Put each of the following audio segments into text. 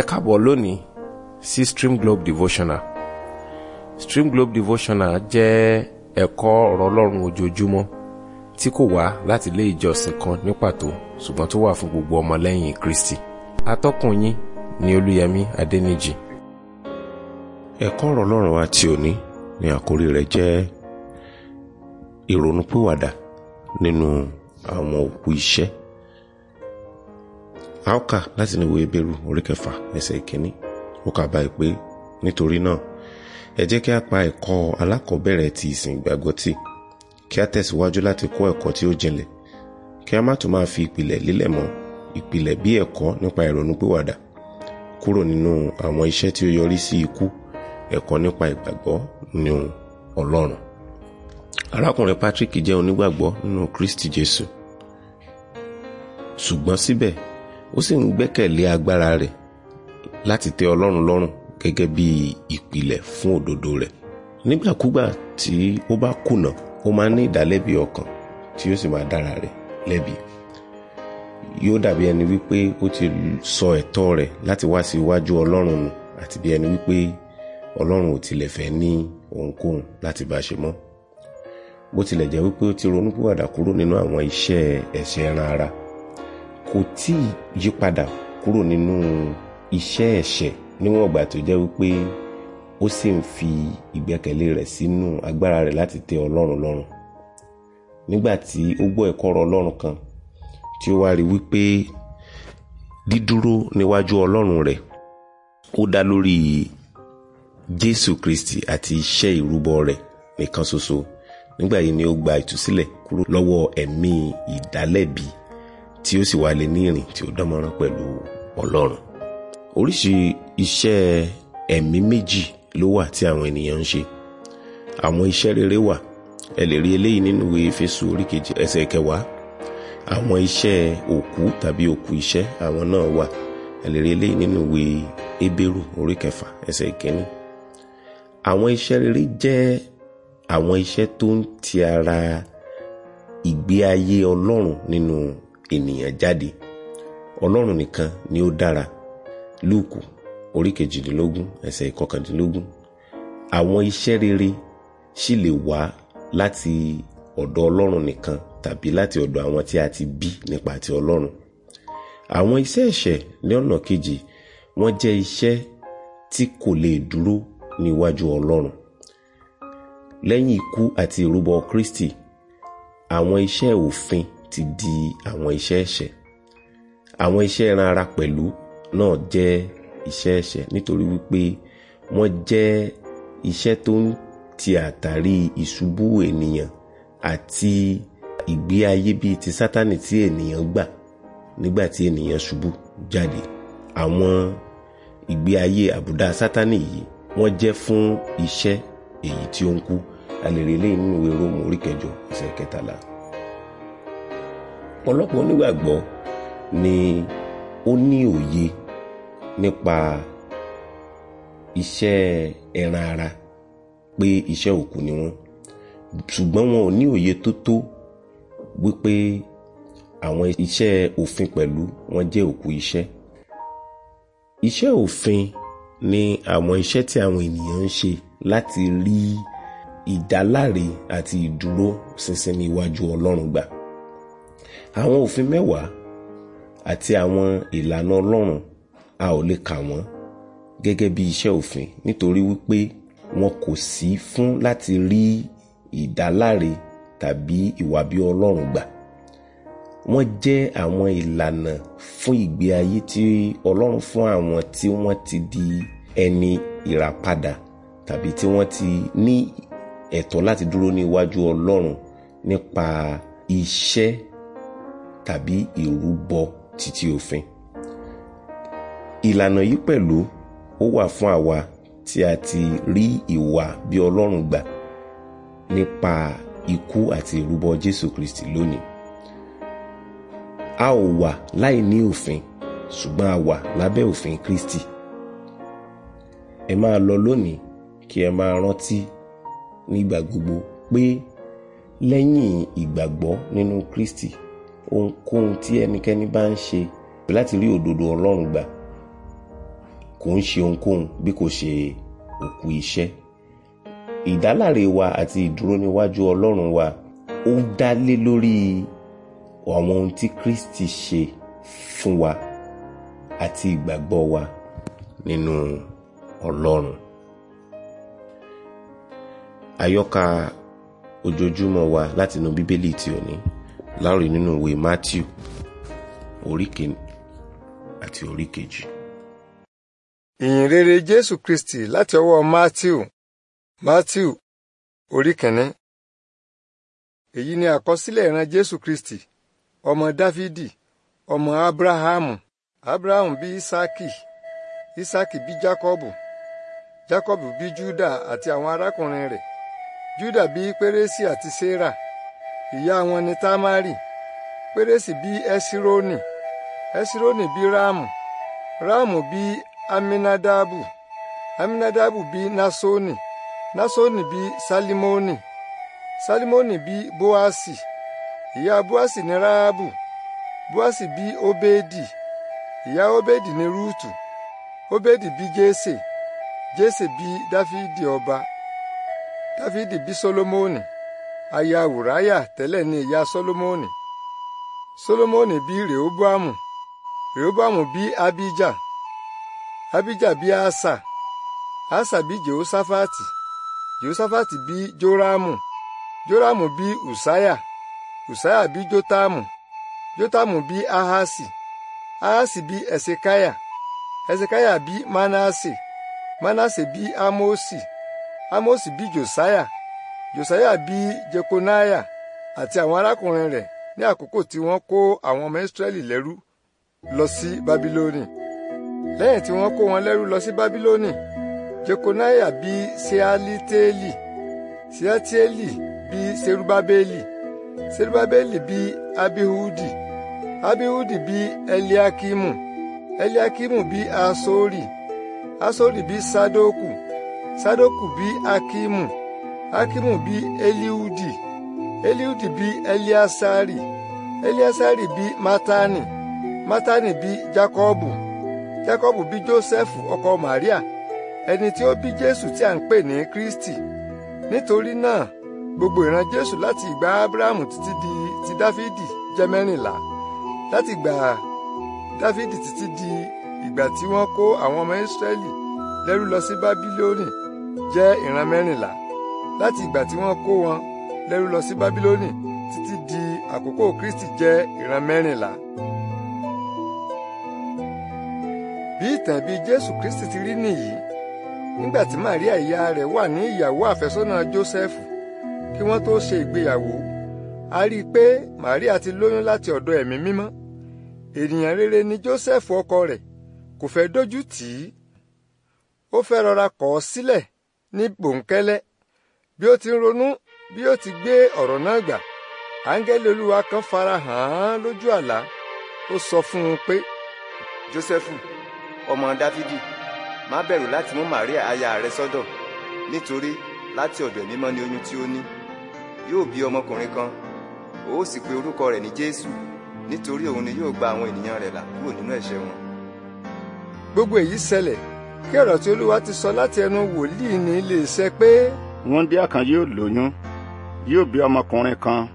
ẹ káàbọ̀ lónìí sí stream globe devotional stream globe devotional jẹ́ ẹ̀kọ́ ọ̀rọ̀ ọlọ́run ojoojúmọ́ tí kò wá láti ilé ìjọsìn kan ní pàtó ṣùgbọ́n tó wà fún gbogbo ọmọlẹ́yìn kristi atọ́kùn yín ni olúyẹmí adẹ́nìjì. ẹ̀kọ́ ọ̀rọ̀ ọlọ́run wa ti òní ni àkórí rẹ̀ jẹ́ ìrònúpìwàdà nínú àwọn òkú iṣẹ́ a ó kà láti ní ìwé Hébérù orí kẹfà ẹsẹ̀ ìkíní ó kà báyìí pé nítorí náà ẹ jẹ́ kí a pa ẹ̀kọ́ alákọ̀ọ́bẹ̀rẹ̀ ti ìsìn ìgbàgbọ́ tì kí a tẹ̀síwájú láti kọ́ ẹ̀kọ́ tí ó jinlẹ̀ kí a má tún máa fi ìpìlẹ̀ lílẹ̀ mọ́ ìpìlẹ̀ bí ẹ̀kọ́ nípa ìrònúpìwàdà kúrò nínú àwọn iṣẹ́ tí ó yọrí sí ikú ẹ̀kọ́ nípa ìgbàgbọ́ nínú Ọlọ́run arákùnrin Patrick jẹ́ onígbàgbọ́ nínú Kristi Jésù ṣùgbọ́n síbẹ̀ ó sì ń gbẹ́kẹ̀lé agbára rẹ̀ láti tẹ́ ọlọ́run lọ́rùn gẹ́gẹ́ bí ìpìlẹ̀ fún òdodo rẹ̀ nígbàkúgbà tí ó bá kùnà ó máa ní ìdálẹ́bi ọkàn tí ó sì máa dára rẹ̀ lẹ́bi yóò dàbí ẹni wípé ó ti sọ ẹ̀tọ́ rẹ̀ láti wá sí iwájú ọlọ́run nù àti bí ẹni wípé ọlọ́run ò tilẹ̀ fẹ́ ní ohunkóhun láti bá a ṣe mọ́ bó tilẹ̀ jẹ́ wípé ó ti ronúpìwàdà kúrò nínú àwọn iṣẹ́ ẹ̀ṣẹ̀ ẹran ara kò tí ì yípadà kúrò nínú iṣẹ́ ẹ̀ṣẹ̀ níwọ̀n ìgbà tó jẹ́ wípé ó sì ń fi ìgbẹ́kẹ̀lé rẹ̀ sínú agbára rẹ̀ láti tẹ ọlọ́run lọ́rùn nígbà tí ó gbọ́ ẹ̀kọ́ ọ̀rọ̀ ọlọ́run kan tí ó wá rí wípé dídúró níwájú ọlọ́run rẹ̀ ó dá lórí jésù kristi àti iṣẹ́ ìrúbọ rẹ̀ nìkan ṣoṣo nígbà yìí ni ó gba ìtúsílẹ̀ kúrò lọ́wọ́ ẹ̀mí ìdálẹ́bi tí ó sì wá lè ní ìrìn tí ó dánmọ́rán pẹ̀lú ọlọ́run oríṣi iṣẹ́ ẹ̀mí méjì ló wà tí àwọn ènìyàn ń ṣe àwọn iṣẹ́ rere wà ẹ lè rí eléyìí nínú ìwé Éfésù orí kejì ẹsẹ̀ kẹwàá àwọn iṣẹ́ òkú tàbí òkú iṣẹ́ àwọn náà wà ẹ lè rí eléyìí nínú ìwé Hébérù orí ẹsẹ̀ kínní àwọn iṣẹ́ rere jẹ́ àwọn iṣẹ́ tó ń ti ara ìgbé ayé ọlọ́run nínú ènìyàn jáde ọlọ́run nìkan ni ó dára lúùkù orí kejìdínlógún ẹsẹ̀ ìkọkàndínlógún àwọn iṣẹ́ rere sì lè wá láti ọ̀dọ̀ ọlọ́run nìkan tàbí láti ọ̀dọ̀ àwọn tí a ti bí nípa ti ọlọ́run àwọn iṣẹ́ ẹ̀ṣẹ̀ ní ọ̀nà kejì wọ́n jẹ́ iṣẹ́ tí kò lè dúró níwájú ọlọ́run lẹ́yìn ikú àti ìrúbọ kristi àwọn iṣẹ́ òfin ti di àwọn iṣẹ́ ẹ̀ṣẹ̀ àwọn iṣẹ́ ẹran ara pẹ̀lú náà jẹ́ iṣẹ́ ẹ̀ṣẹ̀ nítorí wípé wọ́n jẹ́ iṣẹ́ tó ń ti àtàrí ìṣubú ènìyàn àti ìgbé ayé bíi ti sátani tí ènìyàn gbà nígbà tí ènìyàn ṣubú jáde àwọn ìgbé ayé àbùdá sátani yìí wọ́n jẹ́ fún iṣẹ́ èyí tí ó ń kú a lè nínú ìwé róòmù orí kẹjọ ẹsẹ̀ kẹtàlá ọ̀pọ̀lọpọ̀ onígbàgbọ́ ni ó ní òye nípa iṣẹ́ ẹran ara pé iṣẹ́ òkú ni wọ́n ṣùgbọ́n wọn ò ní òye tó tó wípé àwọn iṣẹ́ òfin pẹ̀lú wọn jẹ́ òkú iṣẹ́ iṣẹ́ òfin ni àwọn iṣẹ́ tí àwọn ènìyàn ń ṣe láti rí ìdáláre àti ìdúró ṣinṣin ní iwájú Ọlọ́run gbà àwọn òfin mẹ́wàá àti àwọn ìlànà ọlọ́run a ò lè kà wọ́n gẹ́gẹ́ bí iṣẹ́ òfin nítorí wípé wọn kò sí fún láti rí ìdáláre tàbí ìwà bí ọlọ́run gbà wọ́n jẹ́ àwọn ìlànà fún ìgbé ayé tí ọlọ́run fún àwọn tí wọ́n ti di ẹni ìràpadà tàbí tí wọ́n ti ní ẹ̀tọ́ láti dúró ní iwájú ọlọ́run nípa iṣẹ́ tàbí ìrúbọ títí òfin. ìlànà yìí pẹ̀lú ó wà fún àwa tí a ti rí ìwà bí ọlọ́run gbà nípa ikú àti ìrúbọ jésù kristi lónìí a ò wà láì ní òfin ṣùgbọ́n a wà lábẹ́ òfin kristi ẹ máa lọ lónìí kí ẹ máa rántí nígbà gbogbo pé lẹ́yìn ìgbàgbọ́ nínú kristi ohunkóhun tí ẹnikẹ́ni bá ń ṣe láti rí òdodo ọlọ́run gbà kò ń ṣe ohunkóhun bí kò ṣe òkú iṣẹ́ ìdáláre wa àti ìdúró níwájú ọlọ́run wa ó dá lé lórí àwọn ohun tí Kristi ṣe fún wa àti ìgbàgbọ́ wa nínú ọlọ́run àyọkà ojoojúmọ́ wa látinú bíbélì tí ò ní. láàrin nínú ìwé Matthew orí àti orí kejì. ìyìn rere Jésù Kristi láti ọwọ́ Matthew Matthew orí èyí ni àkọsílẹ̀ ìran Jésù Kristi ọmọ Dáfídì ọmọ Abrahamu, Abrahamu bí Isaki, Isaki bí Jákọ́bù Jákọ́bù bí Júdà àti àwọn arákùnrin rẹ̀ Júdà bí Pérésì àti Séra ìyá wọn ni tamari pérésì bí ẹsírónì ẹsírónì bí ráàmù ráàmù bí aminadabu aminadabu bí nasoni nasoni bí salimoni salimoni bí boasi ìyá boasi ni ráàbù boasi bí obedi ìyá obedi ni rúùtù obedi bí jésè jésè bí dáfídì ọba dáfídì bí solomoni aya wùráyà tẹ́lẹ̀ ní ìyá solomoni bi bí rèóbáàmù bi bí abíjà abíjà bí asa asa bí jehosafati jehosafati bí jórámù jórámù bí usaya. usaya bí jotamu. jotamu bí ahasi ahasi bí esekaya. esekaya bí manase manase bí amosi amosi bí josiah josiah bí jekoniah àti àwọn arákùnrin rẹ̀ ní àkókò tí wọ́n kó àwọn ọmọ israẹli lẹ́rú lọ sí babilóni lẹ́yìn tí wọ́n kó wọn lẹ́rú lọ sí babilóni jekoniah bí sealiteeli sealiteeli bí serubabeli serubabeli bí abihudi abihudi bí eliakimu eliakimu bí asori asori bí sadoku sadoku bí akimu akimu bí eliudi eliudi bí eliasari eliasari bí matani matani bí jakobu jakobu bí joseph ọkọ maria ẹni tí ó bí jésù tí a ń pè ní kristi nítorí náà gbogbo ìran jésù láti ìgbà abrahamu títí di ti dáfídì jẹ́ mẹ́rìnlá láti ìgbà dáfídì títí di ìgbà tí wọ́n kó àwọn ọmọ israẹli lẹ́rú lọ sí bábílónì jẹ́ ìran mẹ́rìnlá láti ìgbà tí wọ́n kó wọn lẹ́rú lọ sí Bábílónì títí di àkókò Kristi jẹ́ ìran mẹ́rìnlá. bí ìtàn bí Jésù Kristi ti rí nìyí nígbà tí Màríà ìyá rẹ̀ wà ní ìyàwó àfẹ́sọ́nà Jósẹ́fù kí wọ́n tó ṣe ìgbéyàwó a rí i pé Màríà ti lóyún láti ọ̀dọ̀ ẹ̀mí mímọ́ ènìyàn rere ni Joseph ọkọ rẹ̀ kò fẹ́ dójú tì í ó fẹ́ rọra kọ̀ ọ́ sílẹ̀ ní bòńkẹ́lẹ́ bí ó ti ń ronú bí ó ti gbé ọ̀rọ̀ náà gbà áńgẹ́lì olúwa kan fara hàn án lójú àlá ó sọ fún un pé. jósẹ́fù ọmọ dáfídì má bẹ̀rù láti mú màríà aya rẹ sọ́dọ̀ nítorí láti ọ̀dọ̀ mímọ́ ni oyún tí ó ní yóò bí ọmọkùnrin kan ó sì pe orúkọ rẹ̀ ní jésù nítorí òun ni yóò gba àwọn ènìyàn rẹ̀ là kúrò nínú ẹ̀ṣẹ̀ wọn. gbogbo èyí ṣẹlẹ̀ kí ọ̀rọ̀ tí olúwa ti sọ láti ẹnu wòlíì ní lè ṣẹ pé wúńdíá kan yóò lóyún yóò bí ọmọkùnrin kan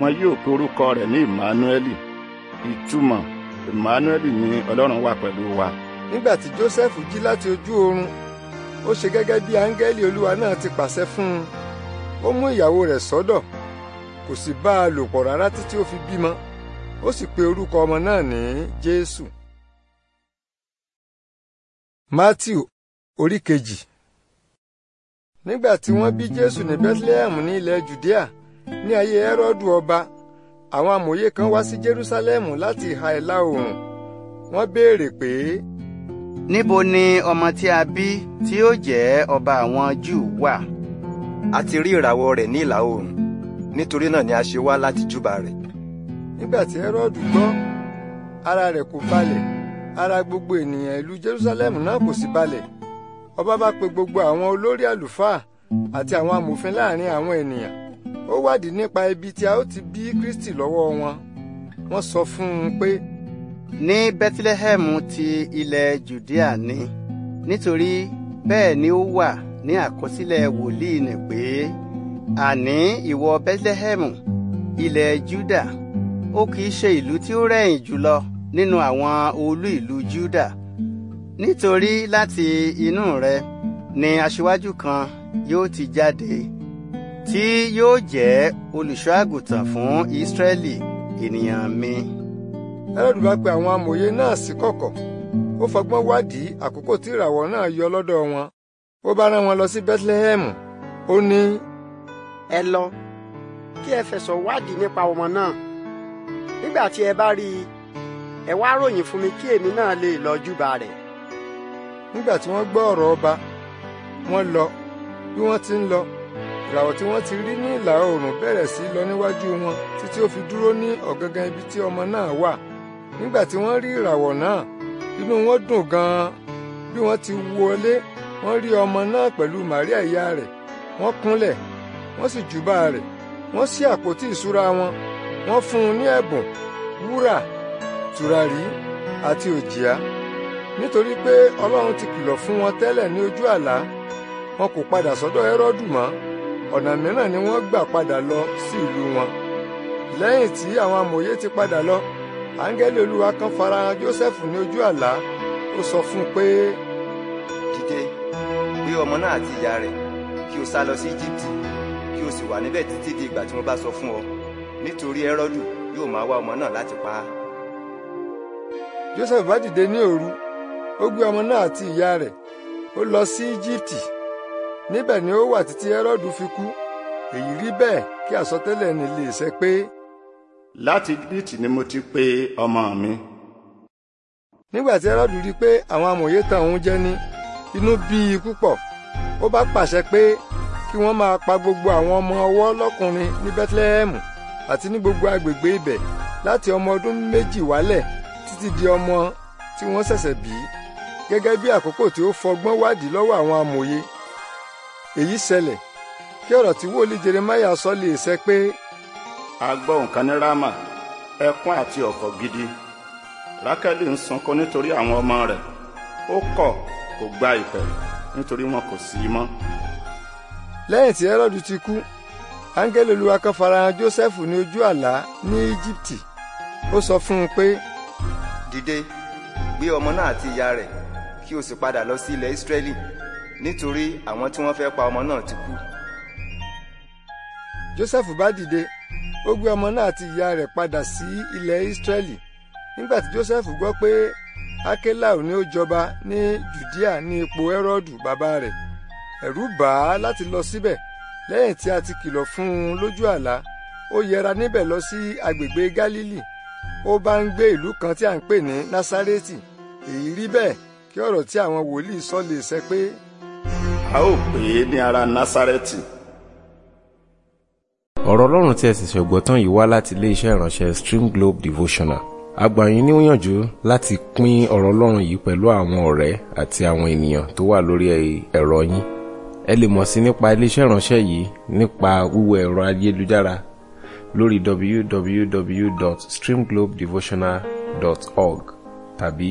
wọn yóò pe orúkọ rẹ̀ ní emmanueli ìtumọ̀ emmanueli ni ọlọ́run wà pẹ̀lú wa. nígbà tí joseph jí láti ojú oorun ó ṣe gẹ́gẹ́ bí áńgẹ́lì olúwa náà ti pàṣẹ fún un ó mú ìyàwó rẹ̀ sọ́dọ̀ kò sì bá a lò pọ̀ rárá títí ó fi bímọ ó sì pe orúkọ ọmọ náà ní jésù. matthew orí kejì nígbà tí wọ́n bí jésù ní bethlehem ní ilẹ̀ judea ní ayé herodu ọba àwọn amòye kan wá sí jerusalem láti ìhà ìlà oòrùn wọ́n béèrè pé. níbo ni ọmọ tí a bí tí ó jẹ́ ọba àwọn júù wà. a ti rí ìràwọ̀ rẹ̀ ní ìlà oòrùn nítorí náà ni a ṣe wá láti júbà rẹ̀. nígbà tí herodu gbọ́ ara rẹ̀ kò balẹ̀ ara gbogbo ènìyàn ìlú jerusalem náà kò sì balẹ̀ ọba bá pe gbogbo àwọn olórí àlùfáà àti àwọn amòfin láàrin àwọn ènìyàn ó wádìí nípa ibi tí a ó ti bí Kristi lọ́wọ́ wọn wọ́n sọ fún un pé. ní Bethlehem ti ilẹ̀ Judea ni nítorí bẹ́ẹ̀ ni ó wà ní àkọsílẹ̀ wòlíì nì pé àní ìwọ Bethlehem ilẹ̀ Juda ó kìí ṣe ìlú tí ó rẹ̀yìn jùlọ nínú àwọn olú ìlú Juda nítorí láti inú rẹ ni aṣíwájú kan yóò ti jáde tí yóò jẹ́ olùṣọ́àgùtàn fún Ísírẹ́lì ènìyàn mi. Hẹ́rọ́dù bá pe àwọn amòye náà sí kọ̀kọ̀ ó fọgbọ́n wádìí àkókò tí ìràwọ̀ náà yọ lọ́dọ̀ wọn ó bá rán wọn lọ sí Bethlehem ó ní. ẹ lọ kí ẹ fẹ̀sọ̀ wádìí nípa ọmọ náà nígbà tí ẹ bá rí i ẹ wá ròyìn fún mi kí èmi náà lè lọ júbà rẹ̀ nígbà tí wọ́n gbọ́ ọ̀rọ̀ ọba wọ́n lọ bí wọ́n ti ń lọ ìràwọ̀ tí wọ́n ti rí ní ìlà oòrùn bẹ̀rẹ̀ sí lọ níwájú wọn títí ó fi dúró ní ọ̀gangan ibi tí ọmọ náà wà nígbà tí wọ́n rí ìràwọ̀ náà inú wọn dùn gan-an bí wọ́n ti wọlé wọ́n rí ọmọ náà pẹ̀lú Màríà ìyá rẹ̀ wọ́n kúnlẹ̀ wọ́n sì júbà rẹ̀ wọ́n ṣí àpótí ìṣúra wọn wọ́n fún un ní ẹ̀bùn wúrà tùràrí àti òjìá nítorí pé Ọlọ́run ti kìlọ̀ fún wọn tẹ́lẹ̀ ní ojú àlá wọn kò padà sọ́dọ̀ Hẹ́rọ́dù mọ́ ọ̀nà mìíràn ni wọ́n gbà padà lọ sí ìlú wọn lẹ́yìn tí àwọn amòye ti padà lọ áńgẹ́lì Olúwa kan farahàn Jósẹ́fù ní ojú àlá ó sọ fún un pé. dìde gbé ọmọ náà àti ìyá rẹ̀ kí o sá lọ sí Íjíbítì kí o sì wà níbẹ̀ títí di ìgbà tí mo bá sọ fún ọ nítorí Hẹ́rọ́dù yóò máa wá ọmọ náà láti pa á. Jósẹ́fù bá dìde ní òru ó gbé ọmọ náà àti ìyá rẹ̀ ó lọ sí íjíbítì níbẹ̀ ni ó wà títí Hẹ́rọ́dù fi kú èyí rí bẹ́ẹ̀ kí àsọtẹ́lẹ̀ ni lè ṣẹ pé. láti íjíbítì ni mo ti pe ọmọ mi. nígbà tí Hẹ́rọ́dù rí i pé àwọn amòye tan òun jẹ ní inú bí i púpọ̀ ó bá pàṣẹ pé kí wọ́n máa pa gbogbo àwọn ọmọ ọwọ́ lọ́kùnrin ní Bethlehem àti ní gbogbo agbègbè ibẹ̀ láti ọmọ ọdún méjì wálẹ̀ títí di ọmọ tí wọ́n ṣẹ̀ṣẹ̀ bí gẹ́gẹ́ bí àkókò tí ó fọgbọ́n wádìí lọ́wọ́ àwọn amòye èyí ṣẹlẹ̀ kí ọ̀rọ̀ tí wòlíì Jeremiah sọ lè ṣẹ pé. a gbọ́ nǹkan ní Rámà ẹkún àti ọ̀fọ̀ gidi Rákẹ́lì ń sunkún nítorí àwọn ọmọ rẹ̀ ó kọ̀ kò gba ìpẹ̀ nítorí wọn kò sí mọ́. lẹ́yìn tí Hẹ́rọ́dù ti kú áńgẹ́lì Olúwa kan farahàn Jósẹ́fù ní ojú àlá ní Íjíbítì ó sọ fún un pé. dìde gbé ọmọ náà àti ìyá rẹ̀ kí o sì padà lọ sí ilẹ̀ Ísírẹ́lì nítorí àwọn tí wọ́n fẹ́ pa ọmọ náà ti kú. Jósẹ́fù bá dìde ó gbé ọmọ náà àti ìyá rẹ̀ padà sí ilẹ̀ Ísírẹ́lì nígbà tí Jósẹ́fù gbọ́ pé Akéláù ni ó jọba ní Jùdíà ní ipò Hẹ́rọ́dù bàbá rẹ̀ ẹ̀rù bà á láti lọ síbẹ̀ lẹ́yìn tí a ti kìlọ̀ fún un lójú àlá ó yẹra níbẹ̀ lọ sí agbègbè Gálílì ó bá ń gbé ìlú kan tí a ń pè ní Násárẹ́tì èyí rí bẹ́ẹ̀ kí ọ̀rọ̀ tí àwọn wòlíì sọ lè ṣẹ pé. a ó pè é ní ará Násárẹ́tì. ọ̀rọ̀ ọlọ́run tí ẹ sì ṣẹ̀gbọ́ tán yìí wá láti iléeṣẹ́ ìránṣẹ́ Stream Globe Devotional a gbà yín níyànjú láti pín ọ̀rọ̀ ọlọ́run yìí pẹ̀lú àwọn ọ̀rẹ́ àti àwọn ènìyàn tó wà lórí ẹ̀rọ yín ẹ lè mọ̀ sí nípa iléeṣẹ́ ìránṣẹ́ yìí nípa wíwọ ẹ̀rọ ayélujára lórí www.streamglobedevotional.org tàbí